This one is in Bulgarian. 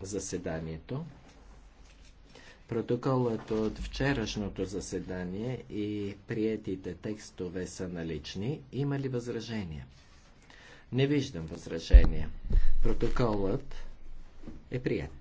заседанието. Протоколът от вчерашното заседание и приетите текстове са налични. Има ли възражения? Не виждам възражения. Протоколът е прият.